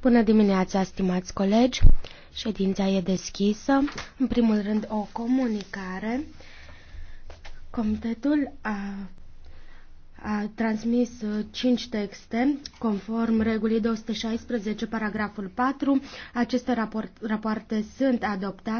Bună dimineața, stimați colegi! Ședința e deschisă. În primul rând, o comunicare. Comitetul a, a transmis uh, cinci texte conform regulii 216, paragraful 4. Aceste raport, rapoarte sunt adoptate.